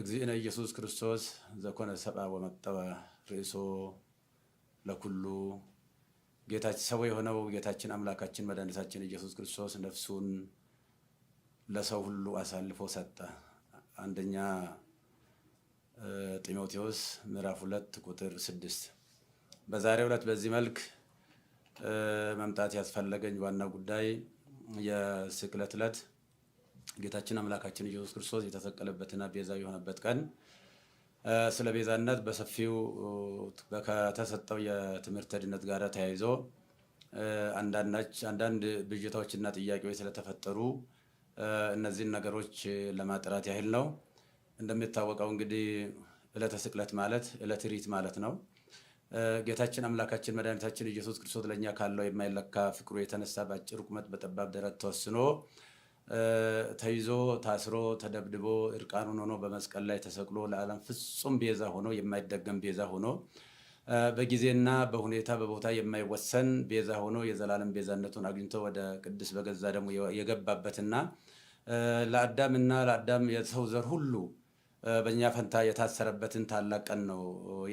እግዚእነ ኢየሱስ ክርስቶስ ዘኮነ ሰብአ ወመጠወ ርእሶ ለኩሉ ጌታችን ሰው የሆነው ጌታችን አምላካችን መድኃኒታችን ኢየሱስ ክርስቶስ ነፍሱን ለሰው ሁሉ አሳልፎ ሰጠ። አንደኛ ጢሞቴዎስ ምዕራፍ ሁለት ቁጥር ስድስት በዛሬው ዕለት በዚህ መልክ መምጣት ያስፈለገኝ ዋና ጉዳይ የስቅለት ዕለት ጌታችን አምላካችን ኢየሱስ ክርስቶስ የተሰቀለበትና ቤዛ የሆነበት ቀን ስለ ቤዛነት በሰፊው ከተሰጠው የትምህርት ድነት ጋር ተያይዞ አንዳንድ ብዥታዎችና ጥያቄዎች ስለተፈጠሩ እነዚህን ነገሮች ለማጥራት ያህል ነው። እንደሚታወቀው እንግዲህ ዕለተ ስቅለት ማለት ዕለተ ሪት ማለት ነው። ጌታችን አምላካችን መድኃኒታችን ኢየሱስ ክርስቶስ ለእኛ ካለው የማይለካ ፍቅሩ የተነሳ በአጭር ቁመት በጠባብ ደረት ተወስኖ ተይዞ ታስሮ ተደብድቦ እርቃኑን ሆኖ በመስቀል ላይ ተሰቅሎ ለዓለም ፍጹም ቤዛ ሆኖ የማይደገም ቤዛ ሆኖ በጊዜና በሁኔታ በቦታ የማይወሰን ቤዛ ሆኖ የዘላለም ቤዛነቱን አግኝቶ ወደ ቅድስ በገዛ ደግሞ የገባበትና ለአዳምና ለአዳም የሰው ዘር ሁሉ በእኛ ፈንታ የታሰረበትን ታላቅ ቀን ነው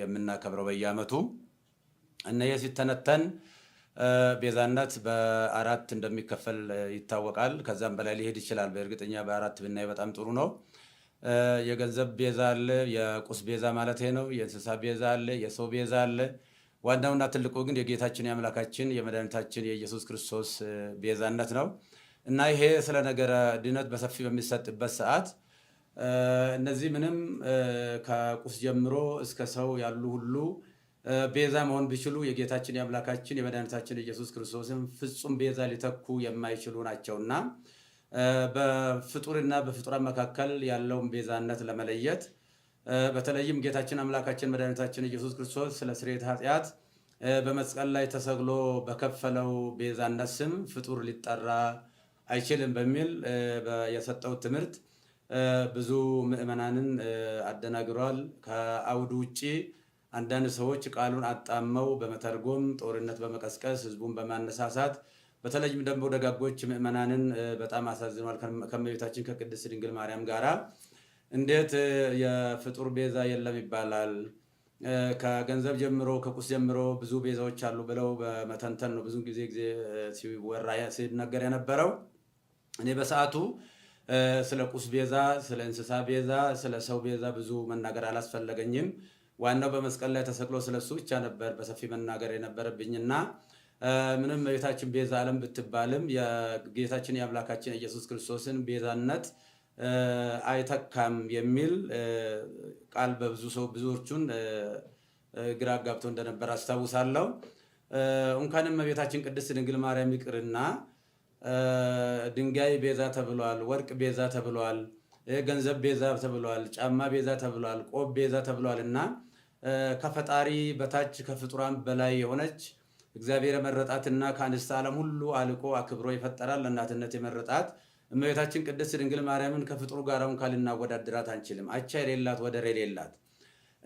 የምናከብረው በየዓመቱ እና ይህ ሲተነተን ቤዛነት በአራት እንደሚከፈል ይታወቃል። ከዛም በላይ ሊሄድ ይችላል። በእርግጠኛ በአራት ብናይ በጣም ጥሩ ነው። የገንዘብ ቤዛ አለ፣ የቁስ ቤዛ ማለት ነው። የእንስሳ ቤዛ አለ፣ የሰው ቤዛ አለ። ዋናውና ትልቁ ግን የጌታችን የአምላካችን የመድኃኒታችን የኢየሱስ ክርስቶስ ቤዛነት ነው እና ይሄ ስለ ነገረ ድነት በሰፊ በሚሰጥበት ሰዓት እነዚህ ምንም ከቁስ ጀምሮ እስከ ሰው ያሉ ሁሉ ቤዛ መሆን ቢችሉ የጌታችን የአምላካችን የመድኃኒታችን ኢየሱስ ክርስቶስን ፍጹም ቤዛ ሊተኩ የማይችሉ ናቸውና በፍጡርና በፍጡራ መካከል ያለውን ቤዛነት ለመለየት በተለይም ጌታችን አምላካችን መድኃኒታችን ኢየሱስ ክርስቶስ ስለ ስርየት ኃጢአት በመስቀል ላይ ተሰግሎ በከፈለው ቤዛነት ስም ፍጡር ሊጠራ አይችልም በሚል የሰጠው ትምህርት ብዙ ምዕመናንን አደናግሯል። ከአውዱ ውጭ አንዳንድ ሰዎች ቃሉን አጣመው በመተርጎም ጦርነት በመቀስቀስ ህዝቡን በማነሳሳት በተለይም ደግሞ ደጋጎች ምዕመናንን በጣም አሳዝኗል። ከመቤታችን ከቅድስት ድንግል ማርያም ጋራ እንዴት የፍጡር ቤዛ የለም ይባላል? ከገንዘብ ጀምሮ ከቁስ ጀምሮ ብዙ ቤዛዎች አሉ ብለው በመተንተን ነው ብዙ ጊዜ ጊዜ ሲወራ ሲነገር የነበረው። እኔ በሰዓቱ ስለ ቁስ ቤዛ፣ ስለ እንስሳ ቤዛ፣ ስለ ሰው ቤዛ ብዙ መናገር አላስፈለገኝም። ዋናው በመስቀል ላይ ተሰቅሎ ስለሱ ብቻ ነበር በሰፊ መናገር የነበረብኝና ምንም ቤታችን ቤዛ ዓለም ብትባልም የጌታችን የአምላካችን ኢየሱስ ክርስቶስን ቤዛነት አይተካም የሚል ቃል በብዙ ሰው ብዙዎቹን ግራ አጋብቶ እንደነበር አስታውሳለሁ። እንኳን እመቤታችን ቅድስት ድንግል ማርያም ይቅርና ድንጋይ ቤዛ ተብሏል፣ ወርቅ ቤዛ ተብሏል። ገንዘብ ቤዛ ተብለዋል፣ ጫማ ቤዛ ተብለዋል፣ ቆብ ቤዛ ተብለዋል እና ከፈጣሪ በታች ከፍጡራን በላይ የሆነች እግዚአብሔር የመረጣትና ከአንስተ ዓለም ሁሉ አልቆ አክብሮ ይፈጠራል ለእናትነት የመረጣት እመቤታችን ቅድስት ድንግል ማርያምን ከፍጡሩ ጋራውን ካልናወዳድራት አንችልም። አቻ የሌላት ወደር የሌላት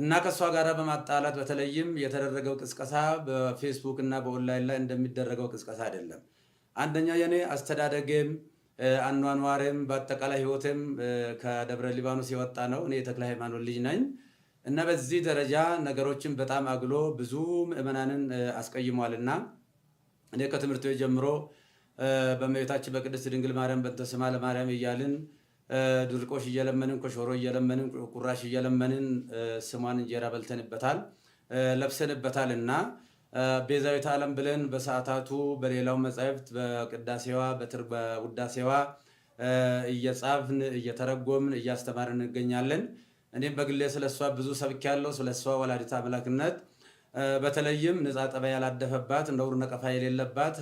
እና ከእሷ ጋር በማጣላት በተለይም የተደረገው ቅስቀሳ በፌስቡክ እና በኦንላይን ላይ እንደሚደረገው ቅስቀሳ አይደለም። አንደኛ የኔ አስተዳደጌም አኗኗርም በአጠቃላይ ህይወቴም ከደብረ ሊባኖስ የወጣ ነው። እኔ የተክለ ሃይማኖት ልጅ ነኝ እና በዚህ ደረጃ ነገሮችን በጣም አግሎ ብዙ ምዕመናንን አስቀይሟል እና እኔ ከትምህርት ቤት ጀምሮ በመቤታችን በቅድስት ድንግል ማርያም በእንተ ስማ ለማርያም እያልን ድርቆሽ እየለመንን ኮሾሮ እየለመንን ቁራሽ እየለመንን ስሟን እንጀራ በልተንበታል ለብሰንበታል እና ቤዛዊት ዓለም ብለን በሰዓታቱ በሌላው መጻሕፍት በቅዳሴዋ በውዳሴዋ እየጻፍን እየተረጎምን እያስተማርን እንገኛለን። እኔም በግሌ ስለሷ ብዙ ሰብኬያለሁ። ስለሷ ወላዲተ አምላክነት በተለይም ንጻ ጠባይ ያላደፈባት ነውር ነቀፋ የሌለባት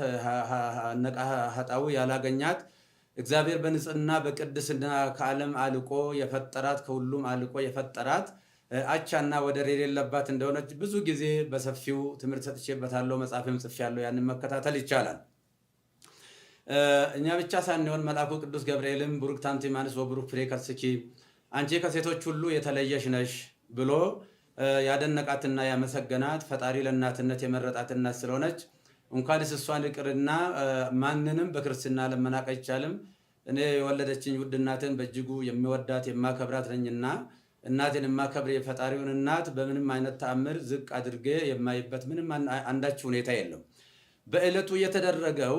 ነቃ ሀጣዊ ያላገኛት እግዚአብሔር በንጽህና በቅድስና ከዓለም አልቆ የፈጠራት ከሁሉም አልቆ የፈጠራት አቻና ወደር የሌለባት እንደሆነች ብዙ ጊዜ በሰፊው ትምህርት ሰጥቼበታለሁ። መጽሐፍም ጽፌያለሁ። ያንን መከታተል ይቻላል። እኛ ብቻ ሳንሆን መልአኩ ቅዱስ ገብርኤልም ቡሩክ ታንቲ ማንስ ወቡሩክ ፍሬ ከርስኪ አንቺ ከሴቶች ሁሉ የተለየሽ ነሽ ብሎ ያደነቃትና ያመሰገናት ፈጣሪ ለእናትነት የመረጣት እናት ስለሆነች እንኳን እሷን ይቅርና ማንንም በክርስትና ለመናቅ አይቻልም። እኔ የወለደችኝ ውድ እናትን በእጅጉ የሚወዳት የማከብራት ነኝና እናቴን የማከብር የፈጣሪውን እናት በምንም አይነት ተአምር ዝቅ አድርጌ የማይበት ምንም አንዳች ሁኔታ የለም። በዕለቱ የተደረገው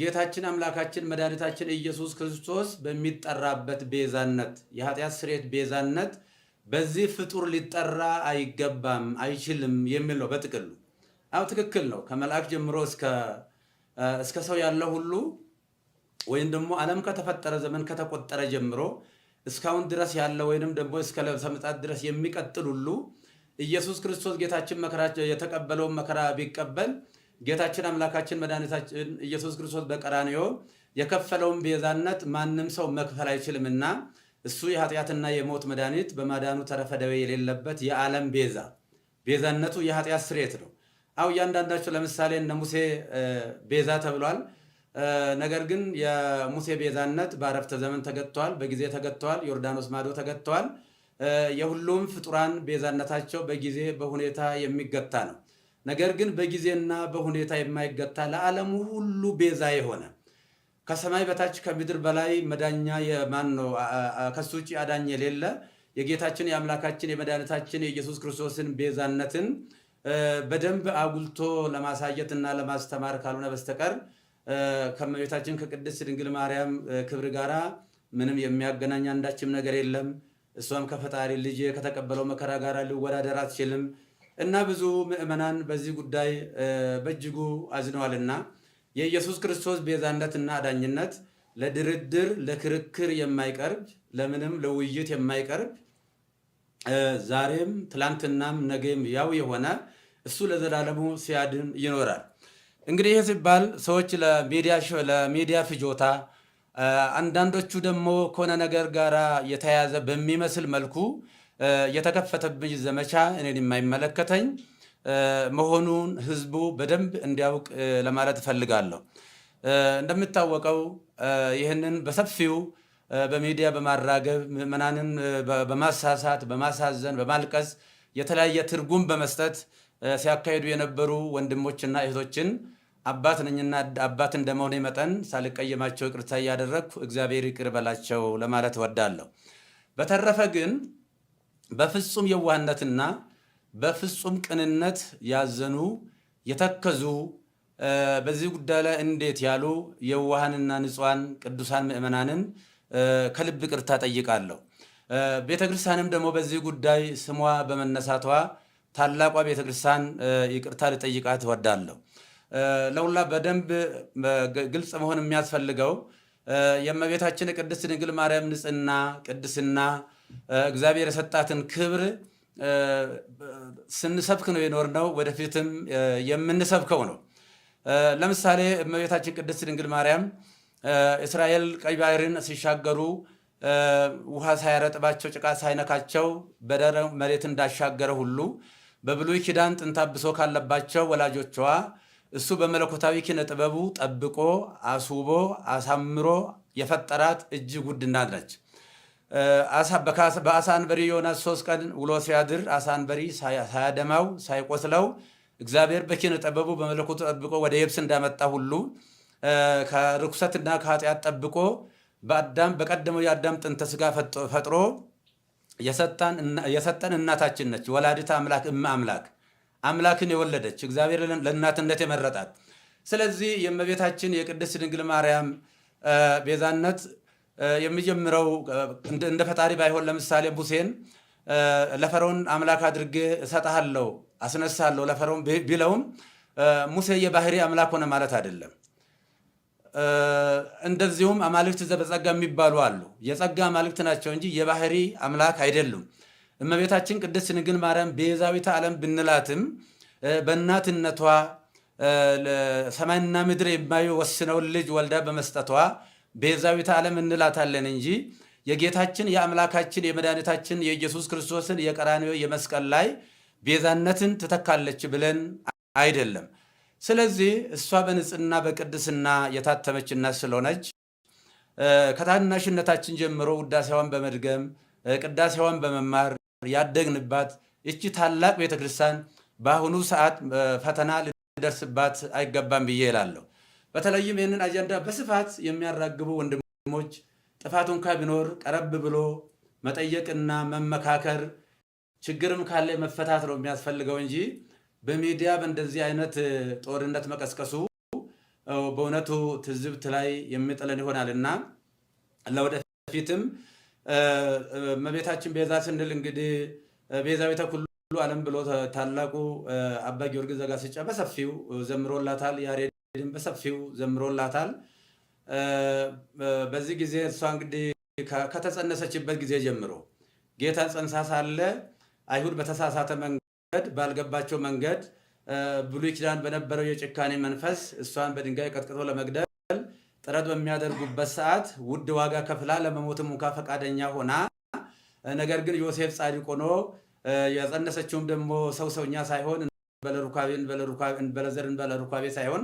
ጌታችን አምላካችን መድኃኒታችን ኢየሱስ ክርስቶስ በሚጠራበት ቤዛነት የኃጢአት ስርየት ቤዛነት በዚህ ፍጡር ሊጠራ አይገባም አይችልም የሚል ነው በጥቅሉ። አሁ ትክክል ነው። ከመልአክ ጀምሮ እስከ ሰው ያለ ሁሉ ወይም ደግሞ ዓለም ከተፈጠረ ዘመን ከተቆጠረ ጀምሮ እስካሁን ድረስ ያለ ወይንም ደግሞ እስከ ለብሰ ምጽአት ድረስ የሚቀጥል ሁሉ ኢየሱስ ክርስቶስ ጌታችን መከራ የተቀበለውን መከራ ቢቀበል ጌታችን አምላካችን መድኃኒታችን ኢየሱስ ክርስቶስ በቀራንዮ የከፈለውን ቤዛነት ማንም ሰው መክፈል አይችልምና እሱ የኃጢአትና የሞት መድኃኒት በማዳኑ ተረፈ ደዌ የሌለበት የዓለም ቤዛ ቤዛነቱ የኃጢአት ስርየት ነው። አው እያንዳንዳቸው ለምሳሌ እነ ሙሴ ቤዛ ተብሏል። ነገር ግን የሙሴ ቤዛነት በአረፍተ ዘመን ተገጥተዋል፣ በጊዜ ተገጥተዋል፣ ዮርዳኖስ ማዶ ተገጥተዋል። የሁሉም ፍጡራን ቤዛነታቸው በጊዜ በሁኔታ የሚገታ ነው። ነገር ግን በጊዜና በሁኔታ የማይገታ ለዓለሙ ሁሉ ቤዛ የሆነ ከሰማይ በታች ከምድር በላይ መዳኛ የማን ነው? ከሱ ውጭ አዳኝ የሌለ የጌታችን የአምላካችን የመድኃኒታችን የኢየሱስ ክርስቶስን ቤዛነትን በደንብ አጉልቶ ለማሳየት እና ለማስተማር ካልሆነ በስተቀር ከእመቤታችን ከቅድስት ድንግል ማርያም ክብር ጋር ምንም የሚያገናኝ አንዳችም ነገር የለም። እሷም ከፈጣሪ ልጅ ከተቀበለው መከራ ጋር ሊወዳደር አትችልም እና ብዙ ምዕመናን በዚህ ጉዳይ በእጅጉ አዝነዋልና የኢየሱስ ክርስቶስ ቤዛነትና አዳኝነት ለድርድር ለክርክር የማይቀርብ ለምንም ለውይይት የማይቀርብ ዛሬም ትላንትናም ነገም ያው የሆነ እሱ ለዘላለሙ ሲያድን ይኖራል። እንግዲህ ይህ ሲባል ሰዎች ለሚዲያ ፍጆታ አንዳንዶቹ ደግሞ ከሆነ ነገር ጋር የተያያዘ በሚመስል መልኩ የተከፈተብኝ ዘመቻ እኔን የማይመለከተኝ መሆኑን ህዝቡ በደንብ እንዲያውቅ ለማለት እፈልጋለሁ። እንደሚታወቀው ይህንን በሰፊው በሚዲያ በማራገብ ምዕመናንን በማሳሳት፣ በማሳዘን፣ በማልቀስ የተለያየ ትርጉም በመስጠት ሲያካሂዱ የነበሩ ወንድሞችና እህቶችን አባት ነኝና አባት እንደመሆኔ መጠን ሳልቀየማቸው ይቅርታ እያደረግኩ እግዚአብሔር ይቅር በላቸው ለማለት እወዳለሁ። በተረፈ ግን በፍጹም የዋህነትና በፍጹም ቅንነት ያዘኑ የተከዙ በዚህ ጉዳይ ላይ እንዴት ያሉ የዋሃንና ንጹሐን ቅዱሳን ምእመናንን ከልብ ቅርታ ጠይቃለሁ። ቤተ ክርስቲያንም ደግሞ በዚህ ጉዳይ ስሟ በመነሳቷ ታላቋ ቤተ ክርስቲያን ይቅርታ ልጠይቃት እወዳለሁ። ለሁላ በደንብ ግልጽ መሆን የሚያስፈልገው የእመቤታችን ቅድስት ድንግል ማርያም ንጽህና ቅድስና እግዚአብሔር የሰጣትን ክብር ስንሰብክ ነው የኖርነው፣ ወደፊትም የምንሰብከው ነው። ለምሳሌ እመቤታችን ቅድስት ድንግል ማርያም እስራኤል ቀይ ባህርን ሲሻገሩ ውሃ ሳያረጥባቸው ጭቃ ሳይነካቸው በደረ መሬት እንዳሻገረ ሁሉ በብሉይ ኪዳን ጥንተ አብሶ ካለባቸው ወላጆቿ እሱ በመለኮታዊ ኪነ ጥበቡ ጠብቆ አስውቦ አሳምሮ የፈጠራት እጅግ ውድ እናት ነች። በአሳ አንበሪ ዮናስ ሶስት ቀን ውሎ ሲያድር አሳ አንበሪ ሳያደማው ሳይቆስለው እግዚአብሔር በኪነ ጥበቡ በመለኮቱ ጠብቆ ወደ የብስ እንዳመጣ ሁሉ ከርኩሰትና ከኃጢአት ጠብቆ በአዳም በቀደመው የአዳም ጥንተ ስጋ ፈጥሮ የሰጠን እናታችን ነች። ወላዲተ አምላክ እመ አምላክ አምላክን የወለደች እግዚአብሔር ለእናትነት የመረጣት። ስለዚህ የእመቤታችን የቅድስት ድንግል ማርያም ቤዛነት የሚጀምረው እንደ ፈጣሪ ባይሆን ለምሳሌ ሙሴን ለፈርዖን አምላክ አድርጌ እሰጥሃለሁ አስነሳለሁ ለፈርዖን ቢለውም ሙሴ የባህሪ አምላክ ሆነ ማለት አይደለም። እንደዚሁም አማልክት ዘበጸጋ የሚባሉ አሉ። የጸጋ አማልክት ናቸው እንጂ የባህሪ አምላክ አይደሉም። እመቤታችን ቅድስት ድንግል ማርያም ቤዛዊተ ዓለም ብንላትም በእናትነቷ ሰማይና ምድር የማይወስነውን ልጅ ወልዳ በመስጠቷ ቤዛዊተ ዓለም እንላታለን እንጂ የጌታችን የአምላካችን የመድኃኒታችን የኢየሱስ ክርስቶስን የቀራንዮ የመስቀል ላይ ቤዛነትን ትተካለች ብለን አይደለም። ስለዚህ እሷ በንጽህና በቅድስና የታተመች እናት ስለሆነች ከታናሽነታችን ጀምሮ ውዳሴዋን በመድገም ቅዳሴዋን በመማር ያደግንባት እቺ ታላቅ ቤተክርስቲያን በአሁኑ ሰዓት ፈተና ሊደርስባት አይገባም ብዬ እላለሁ። በተለይም ይህንን አጀንዳ በስፋት የሚያራግቡ ወንድሞች ጥፋት እንኳ ቢኖር ቀረብ ብሎ መጠየቅና መመካከር ችግርም ካለ መፈታት ነው የሚያስፈልገው እንጂ በሚዲያ በእንደዚህ አይነት ጦርነት መቀስቀሱ በእውነቱ ትዝብት ላይ የሚጥለን ይሆናል እና ለወደፊትም እመቤታችን ቤዛ ስንል እንግዲህ ቤተ ኩሉ ዓለም ብሎ ታላቁ አባ ጊዮርጊስ ዘጋስጫ በሰፊው ዘምሮላታል። ያሬድን በሰፊው ዘምሮላታል። በዚህ ጊዜ እሷ እንግዲህ ከተጸነሰችበት ጊዜ ጀምሮ ጌታ ጸንሳ ሳለ አይሁድ በተሳሳተ መንገድ ባልገባቸው መንገድ ብሉይ ኪዳን በነበረው የጭካኔ መንፈስ እሷን በድንጋይ ቀጥቅጦ ለመግደል ጥረት በሚያደርጉበት ሰዓት ውድ ዋጋ ከፍላ ለመሞትም እንኳ ፈቃደኛ ሆና ነገር ግን ዮሴፍ ጻድቅ ሆኖ የጸነሰችውም ደግሞ ሰው ሰውኛ ሳይሆን እንበለዘር በለሩካቤ ሳይሆን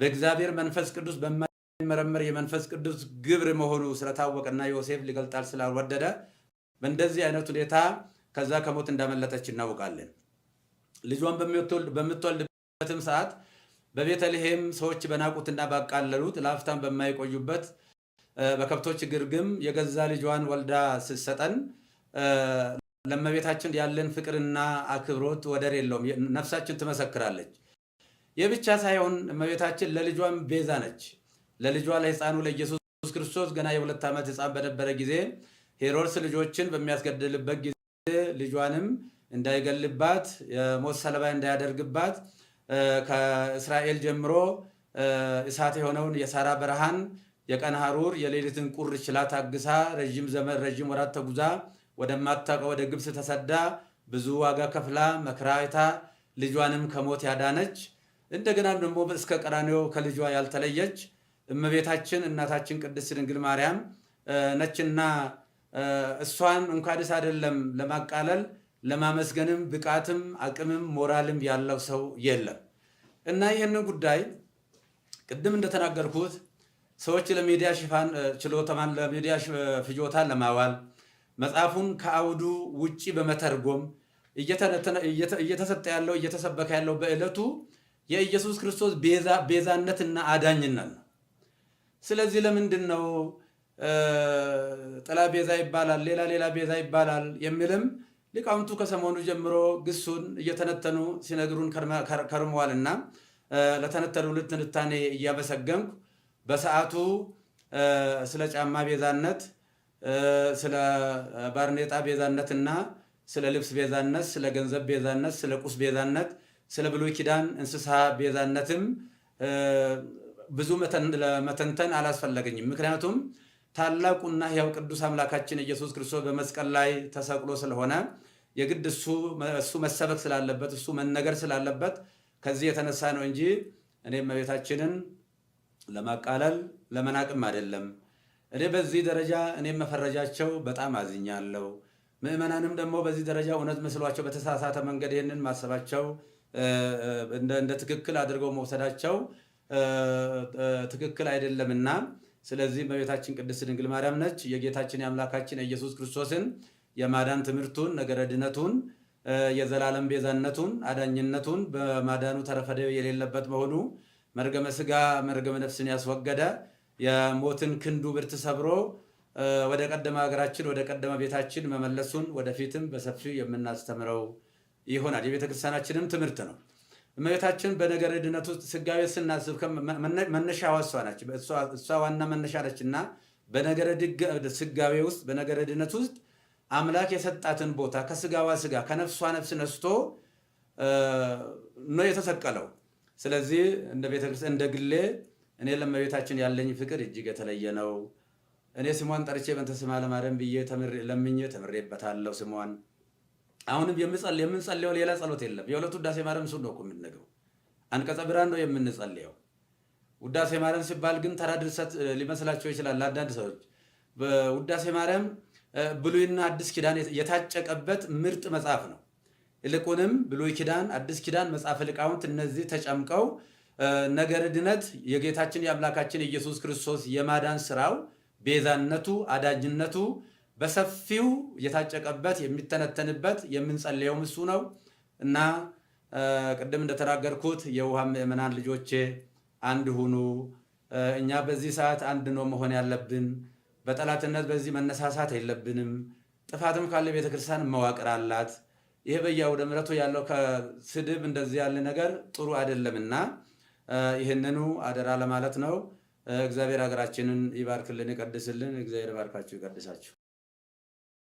በእግዚአብሔር መንፈስ ቅዱስ በማይመረመር የመንፈስ ቅዱስ ግብር መሆኑ ስለታወቀና ዮሴፍ ሊገልጣል ስላልወደደ በእንደዚህ አይነት ሁኔታ ከዛ ከሞት እንዳመለጠች እናውቃለን። ልጇን በምትወልድበትም ሰዓት በቤተልሔም ሰዎች በናቁትና ባቃለሉት ለአፍታም በማይቆዩበት በከብቶች ግርግም የገዛ ልጇን ወልዳ ስትሰጠን ለእመቤታችን ያለን ፍቅርና አክብሮት ወደር የለውም። ነፍሳችን ትመሰክራለች። ይህ ብቻ ሳይሆን እመቤታችን ለልጇም ቤዛ ነች። ለልጇ ለሕፃኑ ለኢየሱስ ክርስቶስ ገና የሁለት ዓመት ሕፃን በነበረ ጊዜ ሄሮድስ ልጆችን በሚያስገድልበት ጊዜ ልጇንም እንዳይገልባት የሞት ሰለባ እንዳያደርግባት ከእስራኤል ጀምሮ እሳት የሆነውን የሳራ በረሃን የቀን ሐሩር የሌሊትን ቁር ችላ ታግሳ ረዥም ዘመን ረዥም ወራት ተጉዛ ወደማታውቀ ወደ ግብፅ ተሰዳ ብዙ ዋጋ ከፍላ መክራይታ ልጇንም ከሞት ያዳነች እንደገና ደግሞ እስከ ቀራንዮ ከልጇ ያልተለየች እመቤታችን እናታችን ቅድስት ድንግል ማርያም ነችና እሷን እንኳንስ አይደለም ለማቃለል ለማመስገንም ብቃትም አቅምም ሞራልም ያለው ሰው የለም እና ይህንን ጉዳይ ቅድም እንደተናገርኩት ሰዎች ለሚዲያ ሽፋን ችሎተማን ለሚዲያ ፍጆታ ለማዋል መጽሐፉን ከአውዱ ውጪ በመተርጎም እየተሰጠ ያለው እየተሰበከ ያለው በዕለቱ የኢየሱስ ክርስቶስ ቤዛነትና አዳኝነት ነው። ስለዚህ ለምንድን ነው ጥላ ቤዛ ይባላል፣ ሌላ ሌላ ቤዛ ይባላል የሚልም ሊቃውንቱ ከሰሞኑ ጀምሮ ግሱን እየተነተኑ ሲነግሩን ከርመዋልና ለተነተኑ ልትንታኔ እያመሰገንኩ በሰዓቱ ስለ ጫማ ቤዛነት፣ ስለ ባርኔጣ ቤዛነትና ስለ ልብስ ቤዛነት፣ ስለ ገንዘብ ቤዛነት፣ ስለ ቁስ ቤዛነት፣ ስለ ብሉይ ኪዳን እንስሳ ቤዛነትም ብዙ መተንተን አላስፈለገኝም። ምክንያቱም ታላቁና ያው ቅዱስ አምላካችን ኢየሱስ ክርስቶስ በመስቀል ላይ ተሰቅሎ ስለሆነ የግድ እሱ መሰበክ ስላለበት እሱ መነገር ስላለበት ከዚህ የተነሳ ነው እንጂ እኔ እመቤታችንን ለማቃለል ለመናቅም አይደለም። እኔ በዚህ ደረጃ እኔ መፈረጃቸው በጣም አዝኛለሁ። ምእመናንም ደግሞ በዚህ ደረጃ እውነት መስሏቸው በተሳሳተ መንገድ ይህንን ማሰባቸው እንደ ትክክል አድርገው መውሰዳቸው ትክክል አይደለምና፣ ስለዚህ እመቤታችን ቅድስት ድንግል ማርያም ነች የጌታችን የአምላካችን የኢየሱስ ክርስቶስን የማዳን ትምህርቱን ነገረ ድነቱን የዘላለም ቤዛነቱን አዳኝነቱን በማዳኑ ተረፈደ የሌለበት መሆኑ መርገመ ስጋ መርገመ ነፍስን ያስወገደ የሞትን ክንዱ ብርት ሰብሮ ወደ ቀደመ ሀገራችን ወደ ቀደመ ቤታችን መመለሱን ወደፊትም በሰፊው የምናስተምረው ይሆናል። የቤተክርስቲያናችንም ትምህርት ነው። እመቤታችን በነገረ ድነት ውስጥ ስናስብ መነሻ እሷ ናች። እሷ ዋና መነሻ ነች እና በነገረ ስጋዊ ውስጥ በነገረ ድነት ውስጥ አምላክ የሰጣትን ቦታ ከስጋዋ ስጋ ከነፍሷ ነፍስ ነስቶ ነው የተሰቀለው። ስለዚህ እንደ ቤተክርስቲያን እንደ ግሌ እኔ ለመቤታችን ያለኝ ፍቅር እጅግ የተለየ ነው። እኔ ስሟን ጠርቼ በእንተ ስማ ለማርያም ብዬ ለምኜ ተምሬበታለሁ። ስሟን አሁንም የምንጸልየው ሌላ ጸሎት የለም። የሁለቱ ውዳሴ ማርያም እሱን ነው እኮ የምንነገው። አንቀጸ ብርሃን ነው የምንጸልየው። ውዳሴ ማርያም ሲባል ግን ተራ ድርሰት ሊመስላቸው ይችላል ለአንዳንድ ሰዎች። ውዳሴ ማርያም ብሉይና አዲስ ኪዳን የታጨቀበት ምርጥ መጽሐፍ ነው። ይልቁንም ብሉይ ኪዳን፣ አዲስ ኪዳን፣ መጽሐፈ ሊቃውንት እነዚህ ተጨምቀው ነገረ ድነት የጌታችን የአምላካችን ኢየሱስ ክርስቶስ የማዳን ስራው ቤዛነቱ፣ አዳጅነቱ በሰፊው የታጨቀበት የሚተነተንበት የምንጸልየውም እሱ ነው እና ቅድም እንደተናገርኩት የውሃ ምእመናን ልጆቼ አንድ ሁኑ። እኛ በዚህ ሰዓት አንድ ነው መሆን ያለብን። በጠላትነት በዚህ መነሳሳት የለብንም። ጥፋትም ካለ ቤተክርስቲያን መዋቅር አላት። ይህ በየአውደ ምሕረቱ ያለው ከስድብ እንደዚህ ያለ ነገር ጥሩ አይደለምና ይህንኑ አደራ ለማለት ነው። እግዚአብሔር ሀገራችንን ይባርክልን፣ ይቀድስልን። እግዚአብሔር ባርካችሁ ይቀድሳችሁ።